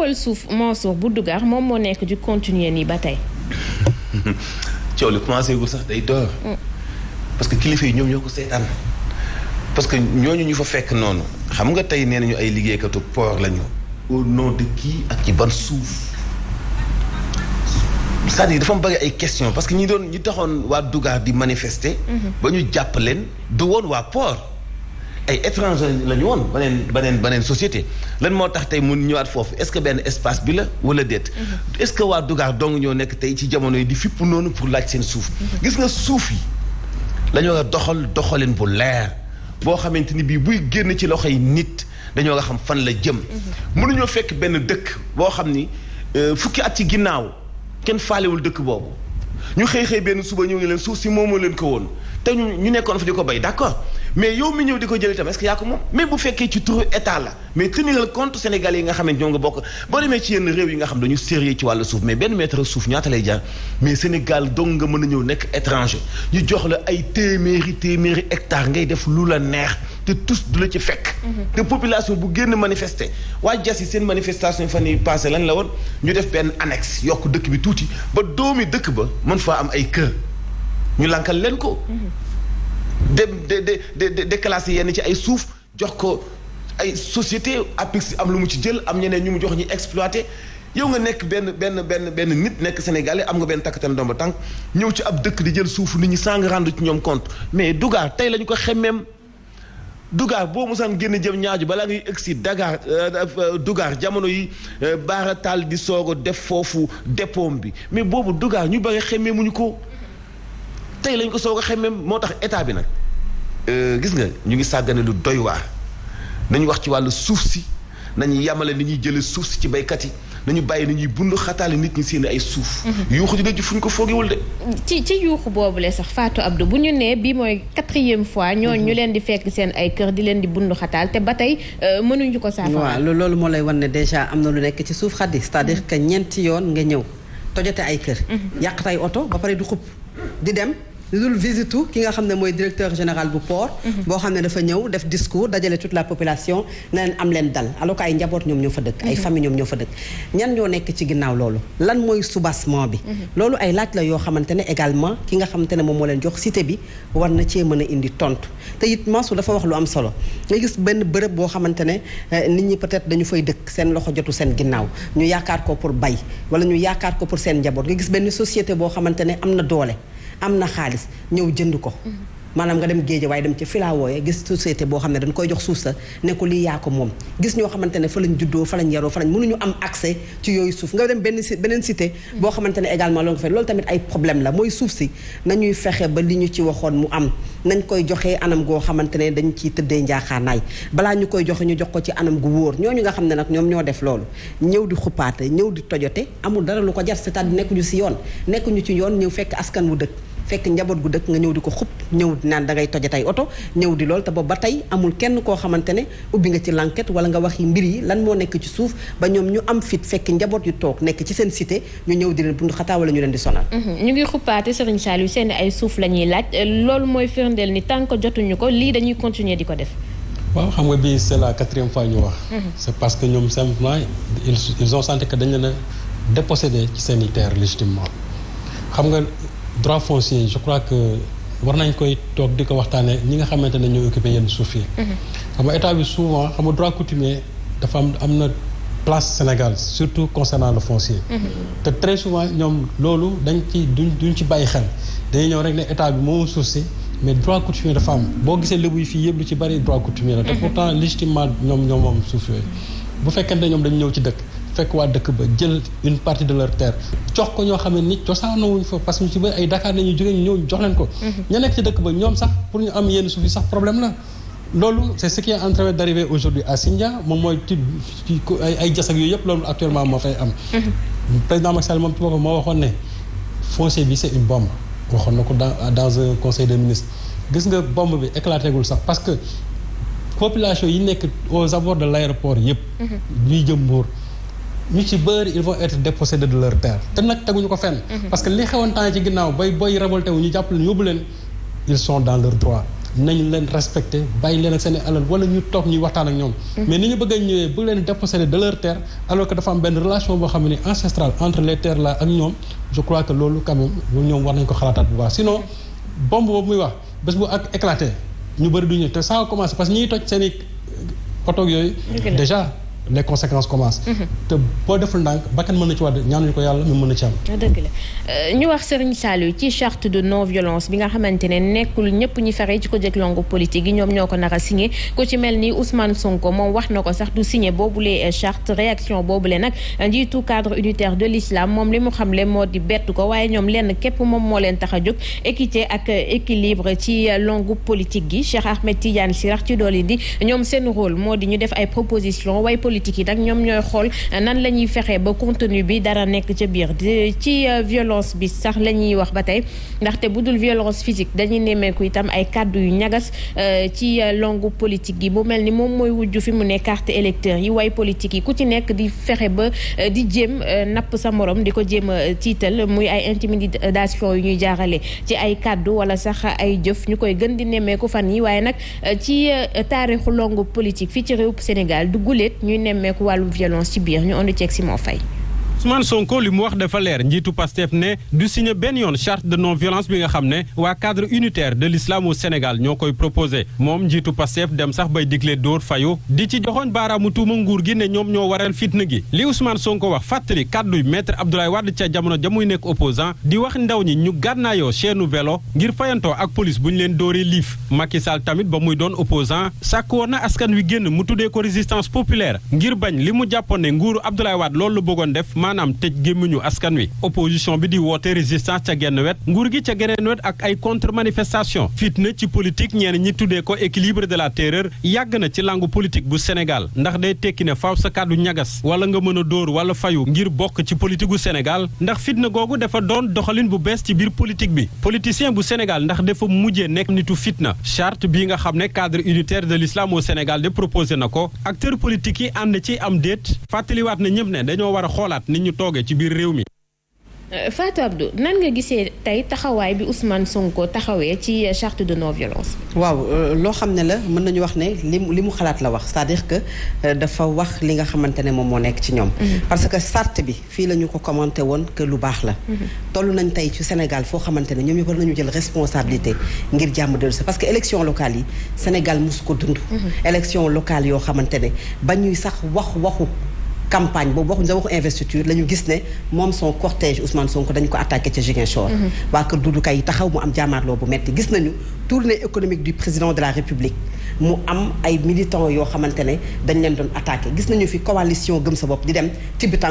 coowal suuf Mansour Boudougar moom moo nekk di continuer nii ba tey. coow li day door. Mm. parce que kilifa yi ñoom ñoo ko seetaan. parce que ñooñu ñu fa fekk noonu xam nga tey nee nañu ay liggéeykatu port lañu. au nom de ak ci ban suuf. c'est-à-dire dafa bëri ay question parce que ñi doon ñi taxoon waa Dougar di manifester. Mm-hmm. ba ñu jàpp leen du woon waa port. ay étranger la ñu woon beneen beneen beneen société lan moo tax tey mun ñëwaat foofu est-ce que benn espace bi la wala déet mm-hmm. est-ce que waa Dugar dong ñoo nekk tey ci jamono yi di fipp noonu pour laaj seen suuf mm-hmm. gis nga suuf yi la doxal doxalin bu leer boo xamante ni bii buy génn ci loxo yi nit dañoo nga xam fan la jëm mm-hmm. mënuñoo fekk benn dëkk boo xam ni euh, fukki at ci ginnaaw kenn faalewul dëkk boobu ñu xëy xëy benn suba ñoo ngi leen suuf si moomoo leen ko woon te ñu nekkoon fa di ko bay d'accord mais yow mi ñëw di ko jël itam est-ce que yaa ko moom mais bu fekkee ci turu état la mais teniral compte Sénégalais yi nga xam ne ñoo nga bokk boo demee ci yenn réew yi nga xam dañu sérieux ci wàllu suuf mais benn mètre suuf ñaata lay jaar mais Sénégal dong nga mën na ñëw nekk étranger ñu jox la ay téeméeri téeméeri hectares ngay def lu la neex te tous du la ci fekk mhm. te population bu génn manifester waa jas yi seen manifestation fan yi passé lan la woon ñu def benn annexe yokk dëkk bi tuuti ba doomi dëkk ba mën faa am ay kër ñu leen ko mhm. de de de déclassé yenn ci ay suuf jox ko ay société APIX am lu mu ci jël am ñeneen ñu mu jox ñu exploité yow nga nekk benn benn benn benn nit nekk Sénégalais am nga benn takkatam ndomba tànk ñëw ci ab dëkk di jël suuf nit ñi sang rendu ci ñoom compte mais Dougar tey lañu ko xemmeem Dougar boo musaan génn jëm ñaaju balaa ngay egg si Dakar euh, euh, Dougar jamono yi euh, baara taal di soog a def foofu depom bi mais boobu Dougar ñu bëri xemmeemuñu ko. tey lañ ko soog a xemmeem moo tax état bi nag euh, gis nga ñu ngi sàggane lu doy waar nañu wax ci wàllu suuf si nañu yamale ni ñuy jëlee suuf si ci baykat yi nañu bàyyi ni ñuy bund xataale nit ñi ay suuf. Mhm. yuuxu dina ji fu ñu ko foogewul de. ci ci yuuxu boobule sax Fatou Abdou bu ñu nee bii mooy quatrième fois. ñooñu mhm. ñu leen di fekk seen ay kër di leen di bund xataal te ba tey euh, mënuñu ko saafara. waaw loolu moo lay wan ne déjà am na lu nekk ci suuf xaddi c'est-à-dire mhm. que yoon nga ñëw tojate ay kër. yàq tay oto ba pare di xupp di dem. lu dul visite ki nga xam ne mooy directeur général bu port. Mhm. boo xam ne dafa ñëw def discours dajale tout la population na leen am leen dal alors que ay njaboot ñoom ñoo fa dëkk. ay mhm. famille ñoom ñoo fa dëkk. ñan ñoo nekk ci ginnaaw loolu lan mooy soubassement bi. Mhm. loolu ay laaj la yoo xamante ne également ki nga xamante ne moom moo leen jox cité bi war na cee mën a indi tontu te it Mansour dafa wax lu am solo nga gis benn bërëb boo xamante ne eh, nit ñi peut-être dañu fay dëkk seen loxo jotu seen ginnaaw ñu yaakaar ko pour bay wala ñu yaakaar ko pour seen njaboot nga gis benn société boo xamante ne am na doole. am na xaalis ñëw jënd ko. Mm-hmm. maanaam nga dem géeje waaye dem ca filaawooye gis société boo xam ne dañ koy jox suuf sa ne ko moom gis ñoo xamante ne fa lañ juddoo fa lañ yaroo fa lañ mënuñu am accès yooyu suuf nga dem benn si beneen cité mm-hmm. boo xamante ne également loolu loolu tamit ay problème la mooy suuf si nañuy fexe ba li ñu ci waxoon mu am nañ koy joxe anam goo xamante ne dañ ciy tëddee njaaxaanaay balaa ñu koy joxe ñu jox ko ci anam gu wóor ñooñu nga xam ne nag ñoom ñoo def loolu ñëw di xuppaate ñëw di tojote amul dara lu ko jar cest à nekkuñu si yoon nekkuñu ci yoon ñëw fekk askan wu dëkk fekk njaboot gu dëkk nga ñëw di ko xub ñëw di naan da ngay tojat oto ñëw di lool te boobu ba tey amul kenn koo xamante ne ubbi nga ci l'enquête wala nga wax yi mbir yi lan moo nekk ci suuf ba ñoom ñu am fit fekk njaboot yu toog nekk ci seen cité ñu ñëw di leen bundu xataa ñu leen di sonal mhm. ñu ngi xuppaate Serigne Saliou seen ay suuf la laaj loolu mooy firndeel ni tant jotuñu ko lii dañuy continuer di ko def waaw xam nga bii c'est la quatrième mhm. a dépossédé ci droit foncier je crois que war nañ koy toog di ko waxtaanee ñi nga xamante ne ñoo yenn suuf yi. Mhm. xam nga état bi souvent xam nga droit coutumier dafa am am na place Sénégal surtout concernant le foncier. Mhm. te très souvent ñoom loolu dañ ci duñ duñ ci bàyyi xel dañuy ñëw rek ne état bi moomu suuf si. mais droit coutumier dafa am boo gisee lébu yi fii yëpp lu ci bari droit coutumier la. te mhm. pourtant légitimement ñoom ñoom moom suuf bu fekkente ñoom dañu ci dëkk. fekk waa dëkk ba jël une partie de leur terre jox ko ñoo xam ne ni cosaanowuñ fa parce que ñu ci bëri ay Dakar nañu jógee ñu ñëw jox leen ko mhm. ña nekk ci dëkk ba ñoom sax pour ñu am yenn suuf sax problème la loolu c' est ce qui est en train aujourd'hui à Sindia moom mooy ci ay jasak yooyu yëpp loolu actuellement moo fay am mhm. président Macky Sall moom ci boppam moo waxoon ne foncier bi c' est une bombe waxoon na ko dans dans un conseil des ministres gis nga bombe bi éclaté gul sax parce que population yi nekk au abords de l' aéroport yëpp mhm. ñu ci bëri ils vont être dépossédés de leur terre te nag teguñu ko fenn. Mhm. parce que li xewoon temps ci ginnaaw bay boy révolté wu ñu jàpp leen yóbbu leen ils sont dans leur droit nañ leen respecté bàyyi leen ak alal wala ñu toog ñuy waxtaan ak ñoom. Mhm. mais ni ñu bëgg a ñëwee bu leen dépossédé de leur terre alors que dafa am benn relation boo xam ne ancestrale entre les terres là ak ñoom je crois que loolu quand ñoom war nañ ko xalaataat bu baax sinon bombe boobu ñu bëri du ñu te ça a commencé parce que ñiy toj seen i euh, otoog yooyu. déjà les conséquences commencent. Mhm. te boo deful ndànk bakkan mën na ci wàdd ñaanuñu ko yàlla mu mën na ci am. Ah, dëgg la euh, ñu wax Serigne Saliou ci charte de non violence bi nga xamante ne nekkul ñëpp ñi faree ci ko jëkk longu politique yi ñoom ñoo ko nar a signé ku ci mel ni Ousmane Sonko moom wax na ko sax du signé boobule euh, charte réaction boobule nag njiitu cadre unitaire de l'islam moom li mu xamle moo di bett ko waaye ñoom lenn képp moom moo leen tax a jóg équité ak euh, équilibre ci longu politique gi Cheikh Ahmed Tidiane Sirax ci doole di ñoom seen rôle moo di ñu def ay propositions politique nag ñoom ñooy xool nan la ñuy fexee ba contenu bi dara nekk ca biir ci euh, violence bi sax la ñuy wax ba tey ndaxte bu dul violence physique dañuy nemmeeku itam ay kàddu yu ñagas euh, ci euh, longu politique yi mu mel ni moom mooy wujj fi mu ne carte électeur yi way politique yi ku ci nekk di fexe ba di jéem napp sa morom di ko jéem a tiital muy ay intimidation yu ñuy jaarale ci ay kàddu wala sax ay jëf ñu koy gën di nemmeeku fan yi waaye nag ci taarixu longu politique fii ci réew Sénégal du guléet ñuy nemmeeku wàllu violence ci biir ñu ànd ceeg si moo fay. Ousmane Sonko li mu wax dafa leer njiitu Pastef ne du signé benn yoon charte de non violence bi nga xam ne waa cadre unitaire de l'islam au Sénégal ñoo koy proposé moom njiitu Pastef dem sax bay digle dóor fayu di ci joxoon baaraamu tuuma nguur gi ne ñoom ñoo waral fitna gi li Ousmane Sonko wax fàttali kàdduy maître Abdoulaye Wade ca jamono ja nekk opposan di wax ndaw ñi ñu gànnaayoo seenu vélo ngir fayantoo ak police bu ñu leen dooree liif Macky Sall tamit ba muy doon opposant sàkk na askan wi génn mu tuddee ko résistance populaire ngir bañ li mu jàppoon ne nguuru Abdoulaye Wade loolu la bëggoon def maanaam tëj gémmiñu askan wi opposition bi di woote résistance ca genn wet nguur gi ca geneen wet ak ay contre manifestation fitna ci ko équilibre de la terreur yàgg na ci bu Sénégal ndax day tekki ne faaw sa kàddu ñagas wala nga mën a dóor wala fayu ngir bokk ci politique bu Sénégal ndax fitna googu dafa doon doxalin bu bees ci biir politique bi politicien bu Sénégal ndax dafa mujjee ne nitu fitna charte bii nga xam ne cadre unitaire de l'islam au Sénégal de proposé na ko acteur politique yi ànd ci am déet fàttaliwaat na ñëpp ne dañoo war xoolaat ni ni ñu toogee ci biir réew mi. Euh, Fatou Abdou nan nga gisee tey taxawaay bi Ousmane Sonko taxawee ci charte de non violence. waaw euh, loo xam ne la mën nañu wax ne li mu li mu xalaat la wax c'est-à-dire que euh, dafa wax li nga xamante ne moom moo nekk ci ñoom. Mhm. parce que charte bi fii la ñu ko commenté woon que lu baax la. Mhm. toll nañ tey ci Sénégal foo xamante ne ñoom ñu war nañu jël responsabilité ngir jàmm dellu si parce que élection locale yi Sénégal mosu ko dund. Mhm. élection locale yoo xamante ne ba ñuy sax campagne boobu waxuñu sax waxu investiture la gis ne moom son cortège Ousmane Sonko dañu ko attaqué ca Ziguinchor. Mhm. waa kër Doudou taxaw mu am jaamaarloo bu metti gis nañu tournée économique du président de la République mu am ay militants yoo xamante ne dañ leen doon attaqué gis nañu fi coalition gëm sa bopp di dem Tibetan.